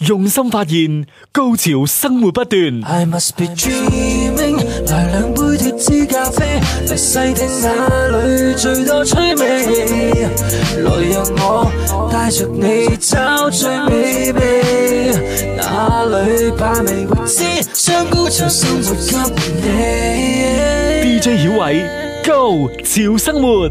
用心發現高潮生活不斷。DJ 小偉，Go 潮生活。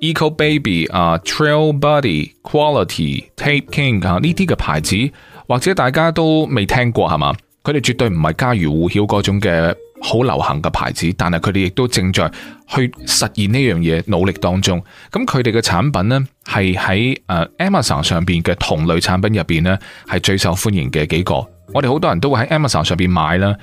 Eco Baby 啊、uh，Trail Buddy Quality Tape King 啊，呢啲嘅牌子或者大家都未聽過係咪？佢哋絕對唔係家喻戶曉嗰種嘅好流行嘅牌子，但係佢哋亦都正在去實現呢樣嘢努力當中。咁佢哋嘅產品呢，係喺誒 Amazon 上邊嘅同類產品入邊呢，係最受歡迎嘅幾個。我哋好多人都會喺 Amazon 上邊買啦。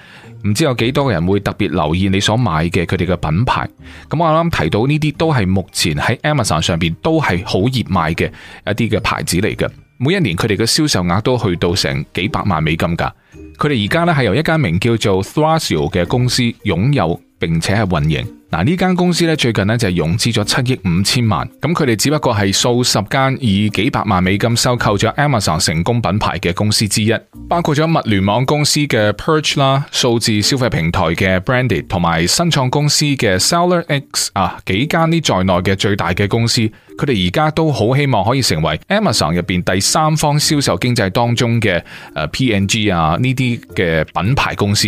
唔知有幾多個人會特別留意你所買嘅佢哋嘅品牌？咁我啱啱提到呢啲都係目前喺 Amazon 上邊都係好熱賣嘅一啲嘅牌子嚟嘅。每一年佢哋嘅銷售額都去到成幾百萬美金噶。佢哋而家咧，係由一間名叫做 Thrasio 嘅公司擁有並且係運營。嗱，呢間公司咧最近咧就係融資咗七億五千萬，咁佢哋只不過係數十間以幾百萬美金收購咗 Amazon 成功品牌嘅公司之一，包括咗物聯網公司嘅 Perch 啦，數字消費平台嘅 Branded 同埋新創公司嘅 Seller X 啊，幾間呢在內嘅最大嘅公司，佢哋而家都好希望可以成為 Amazon 入邊第三方銷售經濟當中嘅誒、呃、PNG 啊呢啲嘅品牌公司。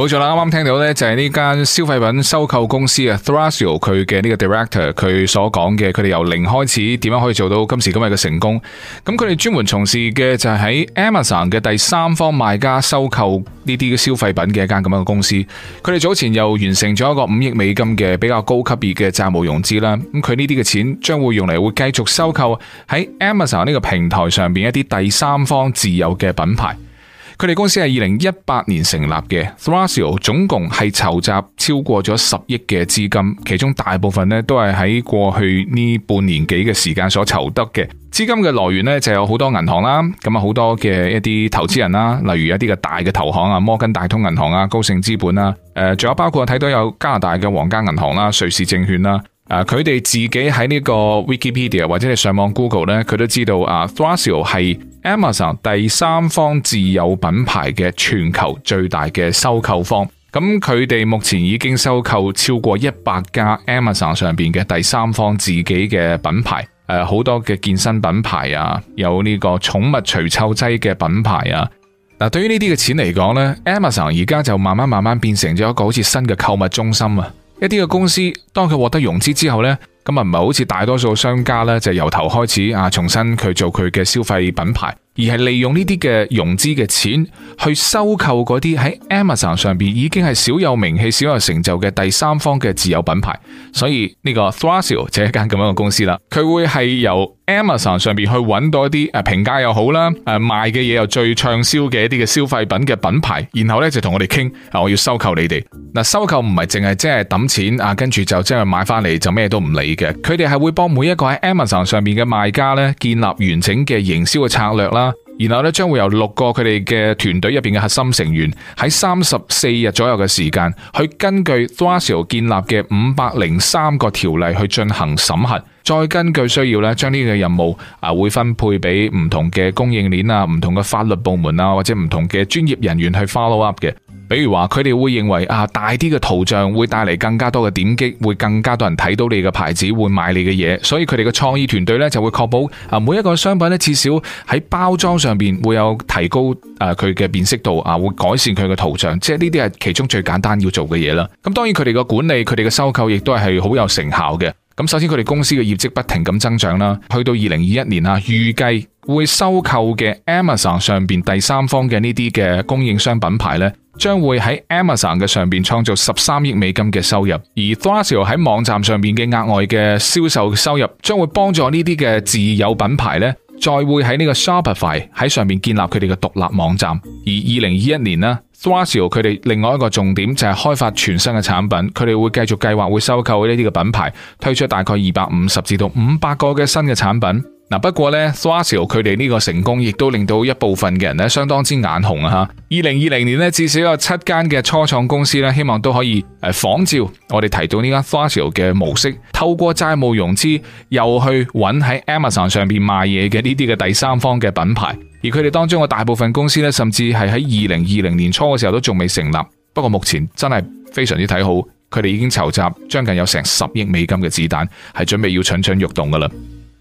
冇錯啦，啱啱聽到呢就係呢間消費品收購公司啊，Thrasio 佢嘅呢個 director 佢所講嘅，佢哋由零開始點樣可以做到今時今日嘅成功。咁佢哋專門從事嘅就係喺 Amazon 嘅第三方賣家收購呢啲嘅消費品嘅一間咁樣嘅公司。佢哋早前又完成咗一個五億美金嘅比較高級別嘅債務融資啦。咁佢呢啲嘅錢將會用嚟會繼續收購喺 Amazon 呢個平台上邊一啲第三方自有嘅品牌。佢哋公司係二零一八年成立嘅，Thrasio 總共係籌集超過咗十億嘅資金，其中大部分咧都係喺過去呢半年幾嘅時間所籌得嘅資金嘅來源呢就有好多銀行啦，咁啊好多嘅一啲投資人啦，例如一啲嘅大嘅投行啊，摩根大通銀行啊，高盛資本啦，誒，仲有包括睇到有加拿大嘅皇家銀行啦，瑞士證券啦，誒，佢哋自己喺呢個 Wikipedia 或者係上網 Google 呢，佢都知道啊，Thrasio 係，Amazon 第三方自有品牌嘅全球最大嘅收購方，咁佢哋目前已經收購超過一百家 Amazon 上邊嘅第三方自己嘅品牌，誒、呃，好多嘅健身品牌啊，有呢個寵物除臭劑嘅品牌啊，嗱，對於呢啲嘅錢嚟講呢，Amazon 而家就慢慢慢慢變成咗一個好似新嘅購物中心啊，一啲嘅公司當佢獲得融資之後呢。咁啊，唔係好似大多數商家咧，就由頭開始啊，重新佢做佢嘅消費品牌。而係利用呢啲嘅融資嘅錢去收購嗰啲喺 Amazon 上邊已經係少有名氣、少有成就嘅第三方嘅自有品牌，所以呢個 Thrasio 就係一間咁樣嘅公司啦。佢會係由 Amazon 上邊去揾到一啲誒、啊、評價又好啦，誒、啊、賣嘅嘢又最暢銷嘅一啲嘅消費品嘅品牌，然後呢，就同我哋傾啊，我要收購你哋。嗱、啊，收購唔係淨係即係抌錢啊，跟住就即係買翻嚟就咩都唔理嘅。佢哋係會幫每一個喺 Amazon 上邊嘅賣家呢，建立完整嘅營銷嘅策略啦。然後咧，將會由六個佢哋嘅團隊入邊嘅核心成員喺三十四日左右嘅時間，去根據 Thrasio 建立嘅五百零三個條例去進行審核，再根據需要咧，將呢個任務啊會分配俾唔同嘅供應鏈啊、唔同嘅法律部門啊或者唔同嘅專業人員去 follow up 嘅。比如話，佢哋會認為啊，大啲嘅圖像會帶嚟更加多嘅點擊，會更加多人睇到你嘅牌子，會買你嘅嘢。所以佢哋嘅創意團隊咧就會確保啊，每一個商品咧至少喺包裝上邊會有提高誒，佢嘅辨識度啊，會改善佢嘅圖像。即係呢啲係其中最簡單要做嘅嘢啦。咁當然佢哋嘅管理，佢哋嘅收購亦都係好有成效嘅。咁首先佢哋公司嘅業績不停咁增長啦，去到二零二一年啊，預計會收購嘅 Amazon 上邊第三方嘅呢啲嘅供應商品牌咧。將會喺 Amazon 嘅上邊創造十三億美金嘅收入，而 Thrasio 喺網站上面嘅額外嘅銷售收入將會幫助呢啲嘅自有品牌咧，再會喺呢個 Shopify 喺上面建立佢哋嘅獨立網站。而二零二一年呢，Thrasio 佢哋另外一個重點就係開發全新嘅產品，佢哋會繼續計劃會收購呢啲嘅品牌，推出大概二百五十至到五百個嘅新嘅產品。嗱，不過呢 Thrasio 佢哋呢個成功，亦都令到一部分嘅人咧，相當之眼紅啊！二零二零年咧，至少有七間嘅初創公司咧，希望都可以誒仿照我哋提到呢間 Thrasio 嘅模式，透過債務融資又去揾喺 Amazon 上邊賣嘢嘅呢啲嘅第三方嘅品牌。而佢哋當中嘅大部分公司咧，甚至係喺二零二零年初嘅時候都仲未成立。不過目前真係非常之睇好，佢哋已經籌集將近有成十億美金嘅子彈，係準備要蠢蠢欲動噶啦。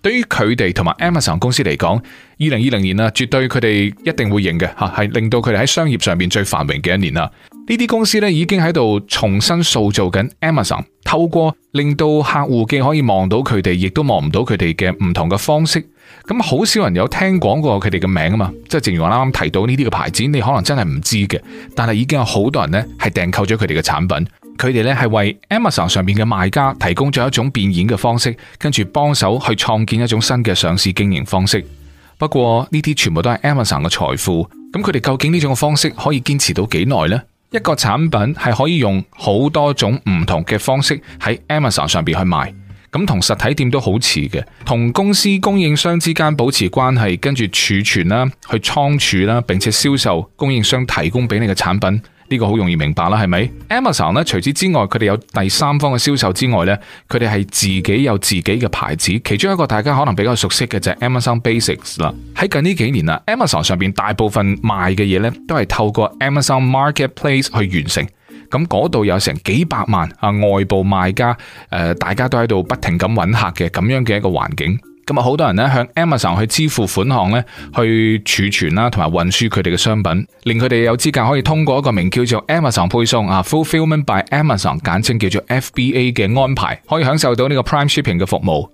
對於佢哋同埋 Amazon 公司嚟講，二零二零年啊，絕對佢哋一定會贏嘅吓，係令到佢哋喺商業上面最繁榮嘅一年啦。呢啲公司咧，已經喺度重新塑造緊 Amazon，透過令到客戶既可以望到佢哋，亦都望唔到佢哋嘅唔同嘅方式。咁好少人有聽講過佢哋嘅名啊嘛，即係正如我啱啱提到呢啲嘅牌子，你可能真係唔知嘅。但係已經有好多人咧係訂購咗佢哋嘅產品。佢哋咧係為 Amazon 上邊嘅賣家提供咗一種變現嘅方式，跟住幫手去創建一種新嘅上市經營方式。不過呢啲全部都係 Amazon 嘅財富，咁佢哋究竟呢種方式可以堅持到幾耐呢？一個產品係可以用好多種唔同嘅方式喺 Amazon 上邊去賣。咁同實體店都好似嘅，同公司供應商之間保持關係，跟住儲存啦、去倉儲啦，並且銷售供應商提供俾你嘅產品，呢個好容易明白啦，係咪？Amazon 咧，除此之外佢哋有第三方嘅銷售之外呢，佢哋係自己有自己嘅牌子，其中一個大家可能比較熟悉嘅就係 Amazon Basics 啦。喺近呢幾年啊，Amazon 上邊大部分賣嘅嘢呢，都係透過 Amazon Marketplace 去完成。咁嗰度有成幾百萬啊，外部賣家，誒、呃，大家都喺度不停咁揾客嘅咁樣嘅一個環境，咁、嗯、啊，好多人呢，向 Amazon 去支付款項呢去儲存啦，同埋運輸佢哋嘅商品，令佢哋有資格可以通過一個名叫做 Amazon 配送啊，Fulfillment by Amazon 簡稱叫做 FBA 嘅安排，可以享受到呢個 Prime Shipping 嘅服務。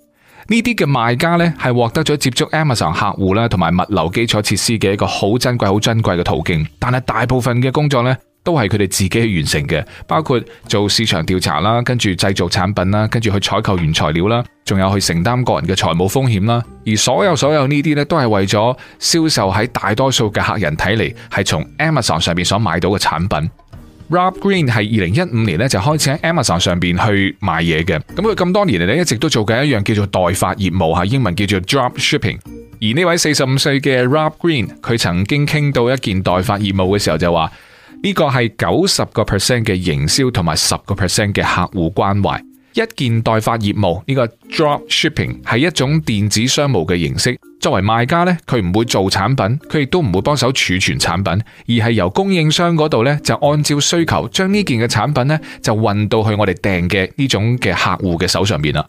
呢啲嘅賣家呢，係獲得咗接觸 Amazon 客戶啦，同埋物流基礎設施嘅一個好珍貴、好珍貴嘅途徑，但係大部分嘅工作呢，都係佢哋自己去完成嘅，包括做市場調查啦，跟住製造產品啦，跟住去採購原材料啦，仲有去承擔個人嘅財務風險啦。而所有所有呢啲呢，都係為咗銷售喺大多數嘅客人睇嚟係從 Amazon 上邊所買到嘅產品。Rob Green 係二零一五年呢，就開始喺 Amazon 上邊去買嘢嘅，咁佢咁多年嚟呢，一直都做緊一樣叫做代發業務，吓，英文叫做 Drop Shipping。而呢位四十五歲嘅 Rob Green，佢曾經傾到一件代發業務嘅時候就話。呢個係九十個 percent 嘅營銷同埋十個 percent 嘅客戶關懷。一件代發業務呢、呢個 drop shipping 係一種電子商務嘅形式。作為賣家呢，佢唔會做產品，佢亦都唔會幫手儲存產品，而係由供應商嗰度呢，就按照需求將呢件嘅產品呢，就運到去我哋訂嘅呢種嘅客戶嘅手上邊啦。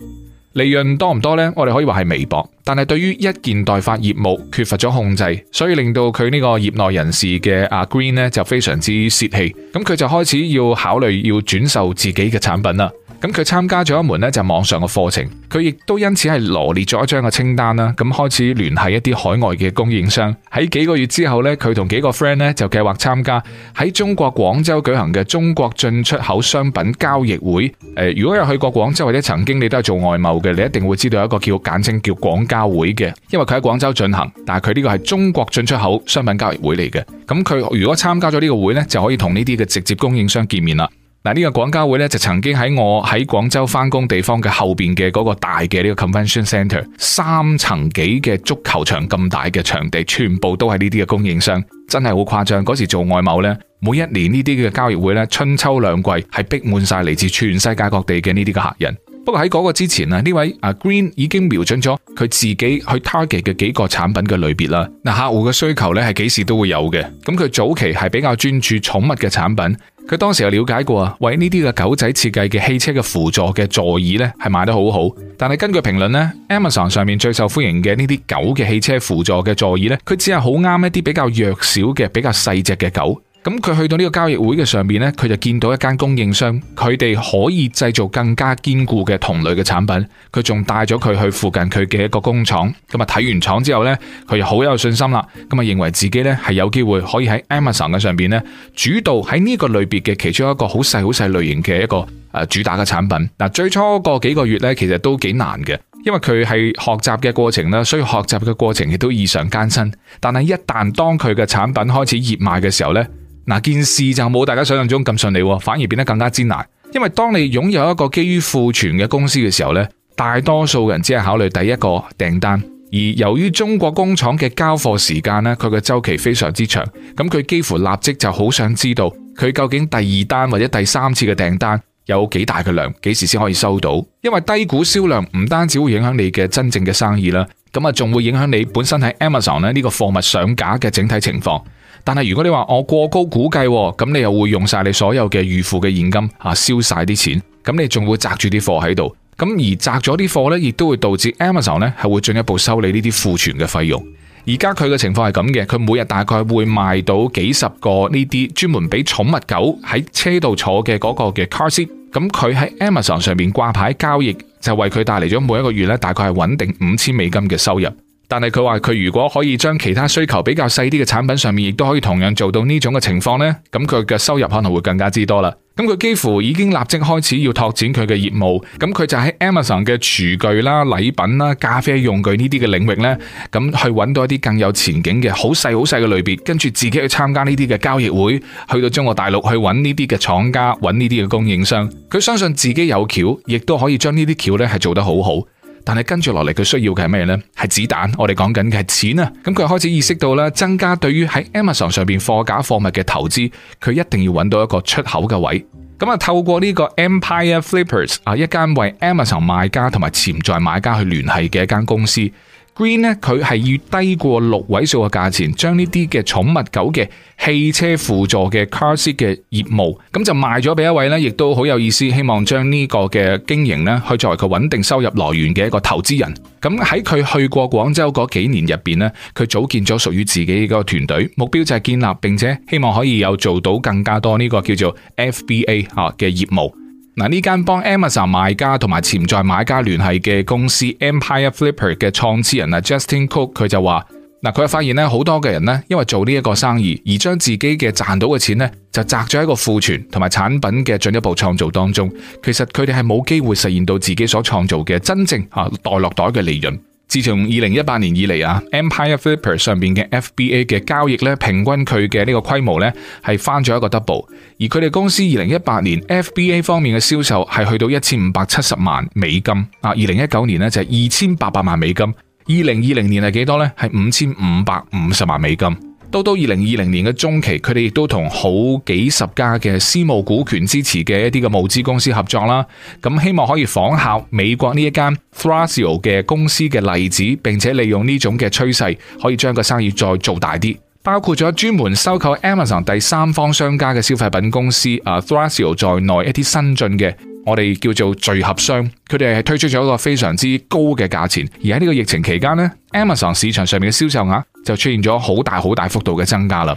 利潤多唔多呢？我哋可以話係微薄，但係對於一件代發業務缺乏咗控制，所以令到佢呢個業內人士嘅阿 Green 呢就非常之洩氣，咁佢就開始要考慮要轉售自己嘅產品啦。咁佢參加咗一門咧就網上嘅課程，佢亦都因此係羅列咗一張嘅清單啦。咁開始聯繫一啲海外嘅供應商。喺幾個月之後呢，佢同幾個 friend 呢就計劃參加喺中國廣州舉行嘅中國進出口商品交易會。誒、呃，如果有去過廣州或者曾經你都係做外貿嘅，你一定會知道有一個叫簡稱叫廣交會嘅，因為佢喺廣州進行。但係佢呢個係中國進出口商品交易會嚟嘅。咁佢如果參加咗呢個會呢，就可以同呢啲嘅直接供應商見面啦。嗱，呢個廣交會咧就曾經喺我喺廣州翻工地方嘅後邊嘅嗰個大嘅呢個 Convention Center，三層幾嘅足球場咁大嘅場地，全部都係呢啲嘅供應商，真係好誇張。嗰時做外貿呢，每一年呢啲嘅交易會呢，春秋兩季係逼滿晒嚟自全世界各地嘅呢啲嘅客人。不過喺嗰個之前啊，呢位啊 Green 已經瞄準咗佢自己去 target 嘅幾個產品嘅類別啦。嗱，客戶嘅需求呢，係幾時都會有嘅。咁佢早期係比較專注寵物嘅產品。佢當時有了解過啊，為呢啲狗仔設計嘅汽車嘅輔助嘅座椅呢係賣得好好。但係根據評論呢，Amazon 上面最受歡迎嘅呢啲狗嘅汽車輔助嘅座椅呢，佢只係好啱一啲比較弱小嘅、比較細隻嘅狗。咁佢去到呢個交易會嘅上邊呢，佢就見到一間供應商，佢哋可以製造更加堅固嘅同類嘅產品。佢仲帶咗佢去附近佢嘅一個工廠。咁啊，睇完廠之後呢，佢又好有信心啦。咁啊，認為自己呢係有機會可以喺 Amazon 嘅上邊呢主導喺呢個類別嘅其中一個好細好細類型嘅一個誒、啊、主打嘅產品。嗱、啊，最初嗰幾個月呢，其實都幾難嘅，因為佢係學習嘅過程啦，所以學習嘅過程亦都異常艱辛。但係一旦當佢嘅產品開始熱賣嘅時候呢。嗱，件事就冇大家想象中咁順利，反而變得更加之難。因為當你擁有一個基於庫存嘅公司嘅時候呢，大多數人只係考慮第一個訂單，而由於中國工廠嘅交貨時間呢，佢嘅週期非常之長，咁佢幾乎立即就好想知道佢究竟第二單或者第三次嘅訂單有幾大嘅量，幾時先可以收到？因為低估銷量唔單止會影響你嘅真正嘅生意啦，咁啊仲會影響你本身喺 Amazon 呢呢個貨物上架嘅整體情況。但係如果你話我過高估計，咁你又會用晒你所有嘅預付嘅現金啊，燒晒啲錢，咁你仲會摘住啲貨喺度，咁而摘咗啲貨呢，亦都會導致 Amazon 呢係會進一步收你呢啲庫存嘅費用。而家佢嘅情況係咁嘅，佢每日大概會賣到幾十個呢啲專門俾寵物狗喺車度坐嘅嗰個嘅 car seat。咁佢喺 Amazon 上面掛牌交易，就為佢帶嚟咗每一個月呢大概係穩定五千美金嘅收入。但係佢話，佢如果可以將其他需求比較細啲嘅產品上面，亦都可以同樣做到呢種嘅情況呢，咁佢嘅收入可能會更加之多啦。咁佢幾乎已經立即開始要拓展佢嘅業務，咁佢就喺 Amazon 嘅廚具啦、禮品啦、咖啡用具呢啲嘅領域呢，咁去揾到一啲更有前景嘅好細好細嘅類別，跟住自己去參加呢啲嘅交易會，去到中國大陸去揾呢啲嘅廠家，揾呢啲嘅供應商。佢相信自己有橋，亦都可以將呢啲橋呢係做得好好。但係跟住落嚟，佢需要嘅係咩呢？係子彈。我哋講緊嘅係錢啊！咁佢開始意識到啦，增加對於喺 Amazon 上邊貨架貨物嘅投資，佢一定要揾到一個出口嘅位。咁啊，透過呢個 Empire Flippers 啊，一間為 Amazon 賣家同埋潛在買家去聯繫嘅一間公司。Green 呢，佢係要低過六位數嘅價錢，將呢啲嘅寵物狗嘅汽車輔助嘅 CarSeat 嘅業務，咁就賣咗俾一位呢，亦都好有意思，希望將呢個嘅經營呢，去作為佢穩定收入來源嘅一個投資人。咁喺佢去過廣州嗰幾年入邊呢，佢組建咗屬於自己嘅一個團隊，目標就係建立，並且希望可以有做到更加多呢個叫做 FBA 啊嘅業務。嗱，呢間幫 Amazon 賣家同埋潛在買家聯繫嘅公司 Empire Flipper 嘅創始人啊 Justin Cook，佢就話：嗱，佢發現咧好多嘅人咧，因為做呢一個生意而將自己嘅賺到嘅錢咧，就砸咗喺個庫存同埋產品嘅進一步創造當中，其實佢哋係冇機會實現到自己所創造嘅真正吓袋落袋嘅利潤。自從二零一八年以嚟啊，Empire Flipper 上邊嘅 FBA 嘅交易咧，平均佢嘅呢個規模咧係翻咗一個 double，而佢哋公司二零一八年 FBA 方面嘅銷售係去到一千五百七十萬美金，啊，二零一九年咧就係二千八百萬美金，二零二零年係幾多咧？係五千五百五十萬美金。到到二零二零年嘅中期，佢哋亦都同好幾十家嘅私募股權支持嘅一啲嘅募資公司合作啦。咁希望可以仿效美國呢一間 Thrasio 嘅公司嘅例子，並且利用呢種嘅趨勢，可以將個生意再做大啲。包括咗專門收購 Amazon 第三方商家嘅消費品公司。啊，Thrasio 在內一啲新進嘅。我哋叫做聚合商，佢哋係推出咗一個非常之高嘅價錢，而喺呢個疫情期間呢，Amazon 市場上面嘅銷售額就出現咗好大好大幅度嘅增加啦。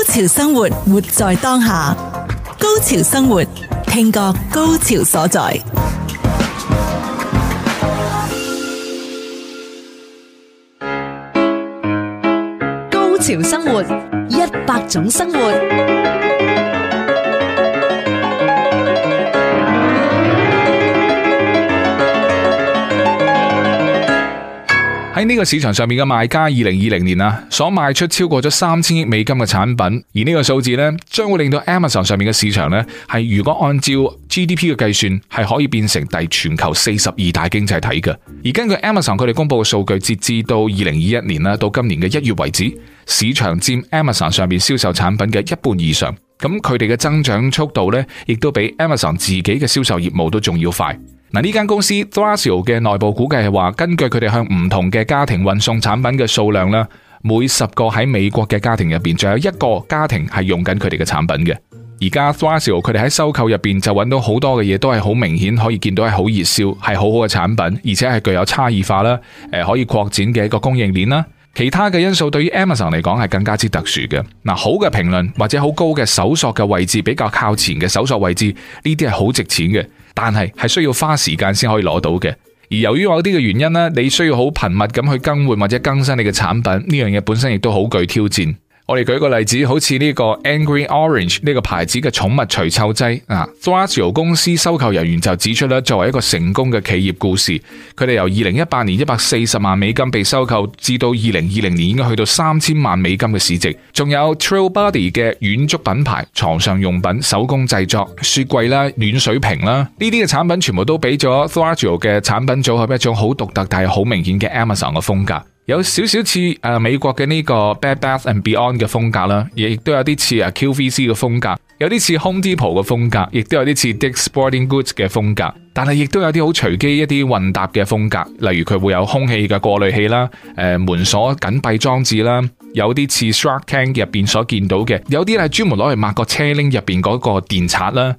高潮生活，活在當下。高潮生活，聽覺高潮所在。高潮生活，一百種生活。喺呢個市場上面嘅賣家，二零二零年啊，所賣出超過咗三千億美金嘅產品，而呢個數字呢，將會令到 Amazon 上面嘅市場呢，係如果按照 GDP 嘅計算，係可以變成第全球四十二大經濟體嘅。而根據 Amazon 佢哋公布嘅數據，截至到二零二一年啦，到今年嘅一月為止，市場佔 Amazon 上面銷售產品嘅一半以上。咁佢哋嘅增長速度呢，亦都比 Amazon 自己嘅銷售業務都仲要快。嗱，呢間公司 Thrasio 嘅內部估計係話，根據佢哋向唔同嘅家庭運送產品嘅數量咧，每十個喺美國嘅家庭入邊，仲有一個家庭係用緊佢哋嘅產品嘅。而家 Thrasio 佢哋喺收購入邊就揾到好多嘅嘢，都係好明顯可以見到係好熱銷，係好好嘅產品，而且係具有差異化啦，誒可以擴展嘅一個供應鏈啦。其他嘅因素對於 Amazon 嚟講係更加之特殊嘅。嗱，好嘅評論或者好高嘅搜索嘅位置，比較靠前嘅搜索位置，呢啲係好值錢嘅。但係係需要花時間先可以攞到嘅，而由於某啲嘅原因咧，你需要好頻密咁去更換或者更新你嘅產品，呢樣嘢本身亦都好具挑戰。我哋舉個例子，好似呢個 Angry Orange 呢個牌子嘅寵物除臭劑啊，Thrasio 公司收購人員就指出啦，作為一個成功嘅企業故事，佢哋由二零一八年一百四十萬美金被收購，至到二零二零年應該去到三千萬美金嘅市值。仲有 Trail Buddy 嘅遠足品牌、床上用品、手工製作雪櫃啦、暖水瓶啦，呢啲嘅產品全部都俾咗 Thrasio 嘅產品組合一種好獨特但係好明顯嘅 Amazon 嘅風格。有少少似誒美國嘅呢個 Bad Bath and Beyond 嘅風格啦，亦都有啲似啊 QVC 嘅風格，有啲似 Home Depot 嘅風格，亦都有啲似 Dick's Sporting Goods 嘅風格，但係亦都有啲好隨機一啲混搭嘅風格，例如佢會有空氣嘅過濾器啦，誒、呃、門鎖緊閉裝置啦，有啲似 Shark Tank 入邊所見到嘅，有啲係專門攞嚟抹個車輪入邊嗰個電刷啦。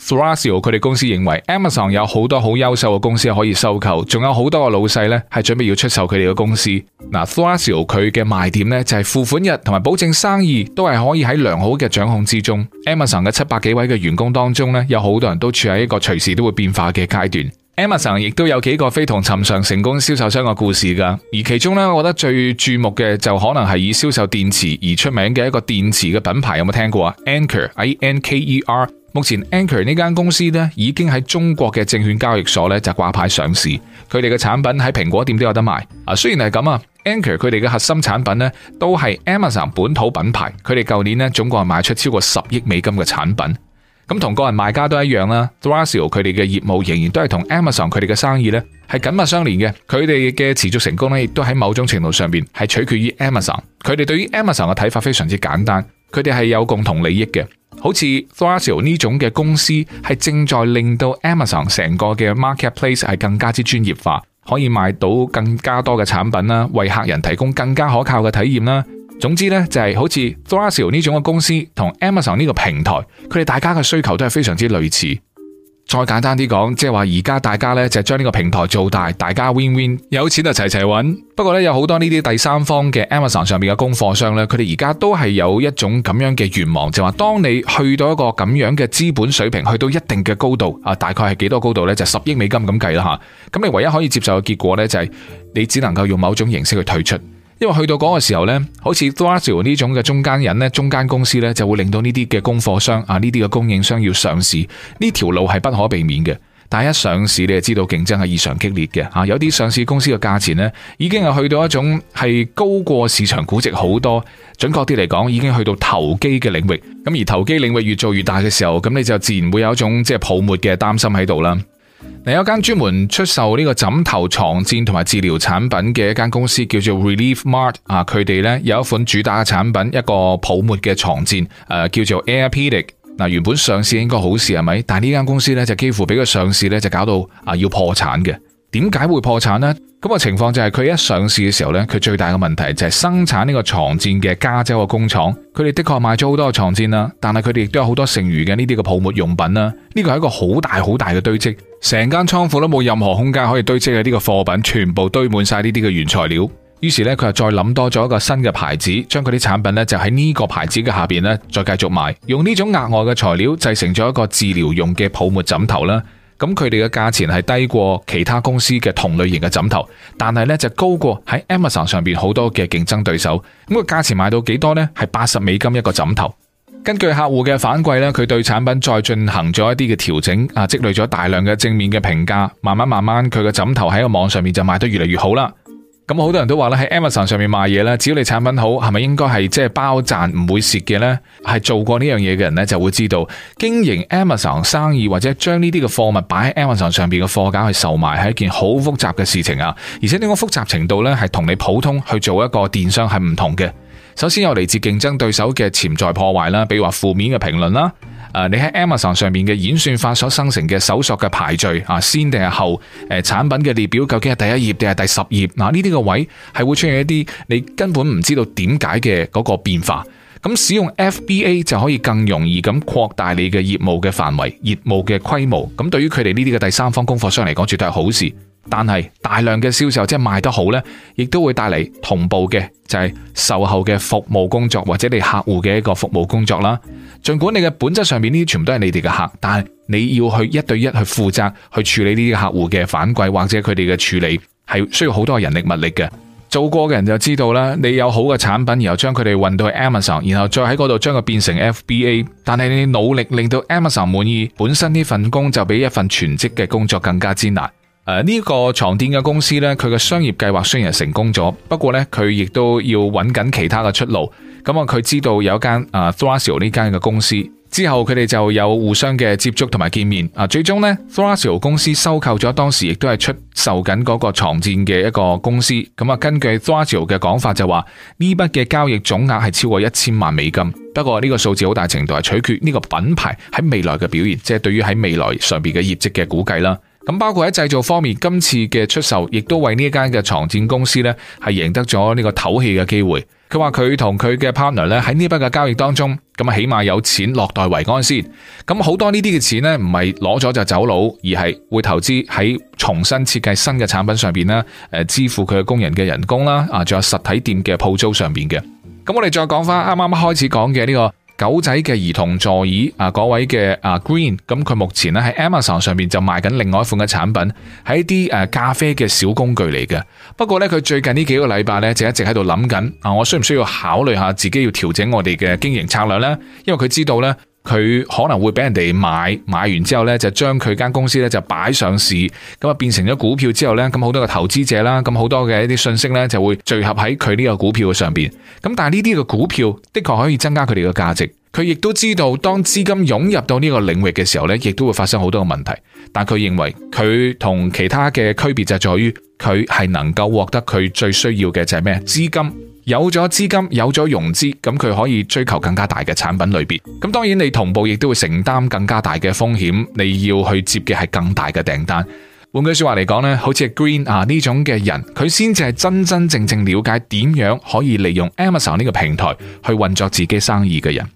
Thrasio 佢哋公司認為 Amazon 有好多好優秀嘅公司可以收購，仲有好多個老細咧係準備要出售佢哋嘅公司。嗱，Thrasio 佢嘅賣點咧就係、是、付款日同埋保證生意都係可以喺良好嘅掌控之中。Amazon 嘅七百幾位嘅員工當中咧，有好多人都處喺一個隨時都會變化嘅階段。Amazon 亦都有幾個非同尋常成功銷售商嘅故事噶，而其中咧，我覺得最注目嘅就可能係以銷售電池而出名嘅一個電池嘅品牌，有冇聽過啊？Anker，A-N-K-E-R 目前 Anchor 呢間公司咧已經喺中國嘅證券交易所咧就掛牌上市，佢哋嘅產品喺蘋果店都有得賣。啊，雖然係咁啊，Anchor 佢哋嘅核心產品咧都係 Amazon 本土品牌，佢哋舊年咧總共係賣出超過十億美金嘅產品。咁、嗯、同個人賣家都一樣啦、啊，Thrasio 佢哋嘅業務仍然都係同 Amazon 佢哋嘅生意咧係緊密相連嘅，佢哋嘅持續成功咧亦都喺某種程度上邊係取決於 Amazon。佢哋對於 Amazon 嘅睇法非常之簡單。佢哋係有共同利益嘅，好似 Thrasio 呢種嘅公司係正在令到 Amazon 成個嘅 marketplace 係更加之專業化，可以買到更加多嘅產品啦，為客人提供更加可靠嘅體驗啦。總之呢，就係、是、好似 Thrasio 呢種嘅公司同 Amazon 呢個平台，佢哋大家嘅需求都係非常之類似。再簡單啲講，即係話而家大家呢，就係將呢個平台做大，大家 win win，有錢就齊齊揾。不過呢，有好多呢啲第三方嘅 Amazon 上面嘅供貨商呢，佢哋而家都係有一種咁樣嘅願望，就話當你去到一個咁樣嘅資本水平，去到一定嘅高度，啊，大概係幾多高度呢？就十億美金咁計啦吓。咁你唯一可以接受嘅結果呢，就係你只能夠用某種形式去退出。因為去到嗰個時候呢，好似 Thrasio 呢種嘅中間人呢，中間公司呢就會令到呢啲嘅供貨商啊，呢啲嘅供應商要上市，呢條路係不可避免嘅。但係一上市，你就知道競爭係異常激烈嘅。吓，有啲上市公司嘅價錢呢已經係去到一種係高過市場估值好多，準確啲嚟講，已經去到投機嘅領域。咁而投機領域越做越大嘅時候，咁你就自然會有一種即係泡沫嘅擔心喺度啦。有一間專門出售呢個枕頭床墊同埋治療產品嘅一間公司叫做 Relief Mart 啊，佢哋咧有一款主打嘅產品，一個泡沫嘅床墊誒、啊，叫做 AirPedic 嗱、啊。原本上市應該好事係咪？但係呢間公司咧就幾乎俾佢上市咧就搞到啊要破產嘅。點解會破產呢？咁、個情況就係佢一上市嘅時候咧，佢最大嘅問題就係生產呢個床墊嘅加州嘅工廠，佢哋的確賣咗好多嘅床墊啦，但係佢哋亦都有好多剩餘嘅呢啲嘅泡沫用品啦。呢個係一個好大好大嘅堆積。成間倉庫都冇任何空間可以堆積嘅呢個貨品，全部堆滿晒呢啲嘅原材料。於是呢，佢又再諗多咗一個新嘅牌子，將佢啲產品呢就喺呢個牌子嘅下邊呢再繼續賣。用呢種額外嘅材料製成咗一個治療用嘅泡沫枕頭啦。咁佢哋嘅價錢係低過其他公司嘅同類型嘅枕頭，但係呢就高過喺 Amazon 上邊好多嘅競爭對手。咁個價錢賣到幾多呢？係八十美金一個枕頭。根據客戶嘅反饋咧，佢對產品再進行咗一啲嘅調整，啊，積累咗大量嘅正面嘅評價，慢慢慢慢佢嘅枕頭喺個網上面就賣得越嚟越好啦。咁好多人都話咧，喺 Amazon 上面賣嘢咧，只要你產品好，係咪應該係即係包賺唔會蝕嘅呢？係做過呢樣嘢嘅人咧就會知道，經營 Amazon 生意或者將呢啲嘅貨物擺喺 Amazon 上邊嘅貨架去售賣，係一件好複雜嘅事情啊。而且呢個複雜程度咧係同你普通去做一個電商係唔同嘅。首先有嚟自競爭對手嘅潛在破壞啦，比如話負面嘅評論啦，誒你喺 Amazon 上面嘅演算法所生成嘅搜索嘅排序啊，先定係後，誒產品嘅列表，究竟係第一頁定係第十頁？嗱，呢啲個位係會出現一啲你根本唔知道點解嘅嗰個變化。咁使用 FBA 就可以更容易咁擴大你嘅業務嘅範圍、業務嘅規模。咁對於佢哋呢啲嘅第三方供貨商嚟講，絕對係好事。但係大量嘅銷售即係賣得好呢，亦都會帶嚟同步嘅就係售後嘅服務工作或者你客戶嘅一個服務工作啦。盡管你嘅本質上面呢啲全部都係你哋嘅客，但係你要去一對一去負責去處理呢啲客戶嘅反饋或者佢哋嘅處理係需要好多人力物力嘅。做過嘅人就知道啦，你有好嘅產品，然後將佢哋運到去 Amazon，然後再喺嗰度將佢變成 FBA。但係你努力令到 Amazon 滿意，本身呢份工就比一份全職嘅工作更加之難。誒，呢個床墊嘅公司呢，佢嘅商業計劃雖然成功咗，不過呢，佢亦都要揾緊其他嘅出路。咁啊，佢知道有一間啊 Thrasio 呢間嘅公司，之後佢哋就有互相嘅接觸同埋見面。啊，最終呢，Thrasio 公司收購咗當時亦都係出售緊嗰個床墊嘅一個公司。咁啊，根據 Thrasio 嘅講法就話，呢筆嘅交易總額係超過一千萬美金。不過呢個數字好大程度係取決呢個品牌喺未來嘅表現，即係對於喺未來上邊嘅業績嘅估計啦。咁包括喺製造方面，今次嘅出售，亦都為呢一間嘅床墊公司咧，係贏得咗呢個透氣嘅機會。佢話佢同佢嘅 partner 咧喺呢筆嘅交易當中，咁啊起碼有錢落袋為安先。咁好多呢啲嘅錢呢，唔係攞咗就走佬，而係會投資喺重新設計新嘅產品上邊啦。誒，支付佢嘅工人嘅人工啦，啊，仲有實體店嘅鋪租上邊嘅。咁我哋再講翻啱啱開始講嘅呢個。狗仔嘅兒童座椅啊，嗰位嘅啊 Green，咁佢目前呢喺 Amazon 上面就賣緊另外一款嘅產品，係啲誒咖啡嘅小工具嚟嘅。不過呢，佢最近呢幾個禮拜呢，就一直喺度諗緊啊，我需唔需要考慮下自己要調整我哋嘅經營策略呢？因為佢知道呢。佢可能會俾人哋買，買完之後呢，就將佢間公司呢，就擺上市，咁啊變成咗股票之後呢，咁好多嘅投資者啦，咁好多嘅一啲信息呢，就會聚合喺佢呢個股票嘅上邊。咁但係呢啲嘅股票的確可以增加佢哋嘅價值。佢亦都知道當資金湧入到呢個領域嘅時候呢，亦都會發生好多嘅問題。但佢認為佢同其他嘅區別就在於佢係能夠獲得佢最需要嘅就係咩？資金。有咗資金，有咗融資，咁佢可以追求更加大嘅產品類別。咁當然，你同步亦都會承擔更加大嘅風險，你要去接嘅係更大嘅訂單。換句說話嚟講呢，好似 Green 啊呢種嘅人，佢先至係真真正正了解點樣可以利用 Amazon 呢個平台去運作自己生意嘅人。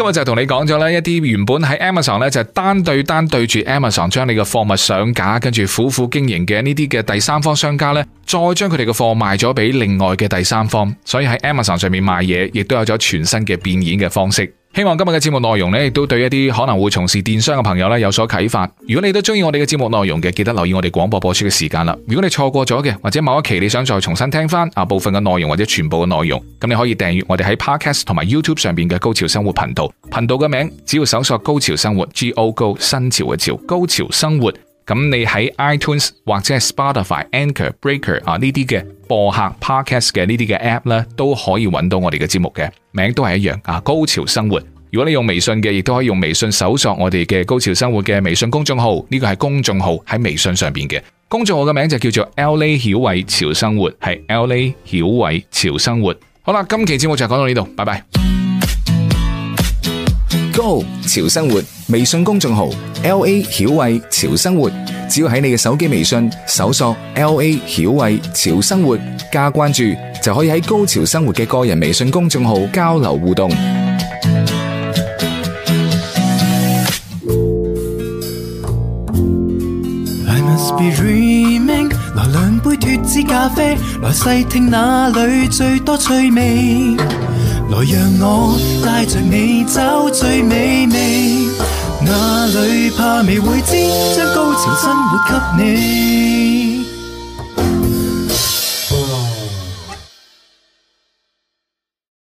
今日就同你講咗咧，一啲原本喺 Amazon 咧就係單對單對住 Amazon 將你嘅貨物上架，跟住苦苦經營嘅呢啲嘅第三方商家咧，再將佢哋嘅貨賣咗俾另外嘅第三方，所以喺 Amazon 上面賣嘢，亦都有咗全新嘅變現嘅方式。希望今日嘅節目內容呢，亦都對一啲可能會從事電商嘅朋友呢有所啟發。如果你都中意我哋嘅節目內容嘅，記得留意我哋廣播播出嘅時間啦。如果你錯過咗嘅，或者某一期你想再重新聽翻啊部分嘅內容或者全部嘅內容，咁你可以訂閱我哋喺 Podcast 同埋 YouTube 上面嘅高潮生活頻道。頻道嘅名只要搜索，高潮生活 G O Go 新潮嘅潮，高潮生活。咁你喺 iTunes 或者係 Spotify Anch、啊、Anchor Breaker 啊呢啲嘅播客，Podcast 嘅呢啲嘅 App 咧，都可以揾到我哋嘅節目嘅名都係一樣啊。高潮生活，如果你用微信嘅，亦都可以用微信搜索我哋嘅《高潮生活》嘅微信公眾號。呢、這個係公眾號喺微信上邊嘅公眾號嘅名就叫做 LA 曉偉潮生活，係 LA 曉偉潮生活。好啦，今期節目就講到呢度，拜拜。高潮生活微信公眾號 LA 曉慧潮生活，只要喺你嘅手機微信搜索 LA 曉慧潮生活加關注，就可以喺高潮生活嘅個人微信公眾號交流互動。來兩杯脱脂咖啡，來細聽那裡最多趣味。來，讓我帶着你找最美味，那裏怕未會知，將高潮生活給你。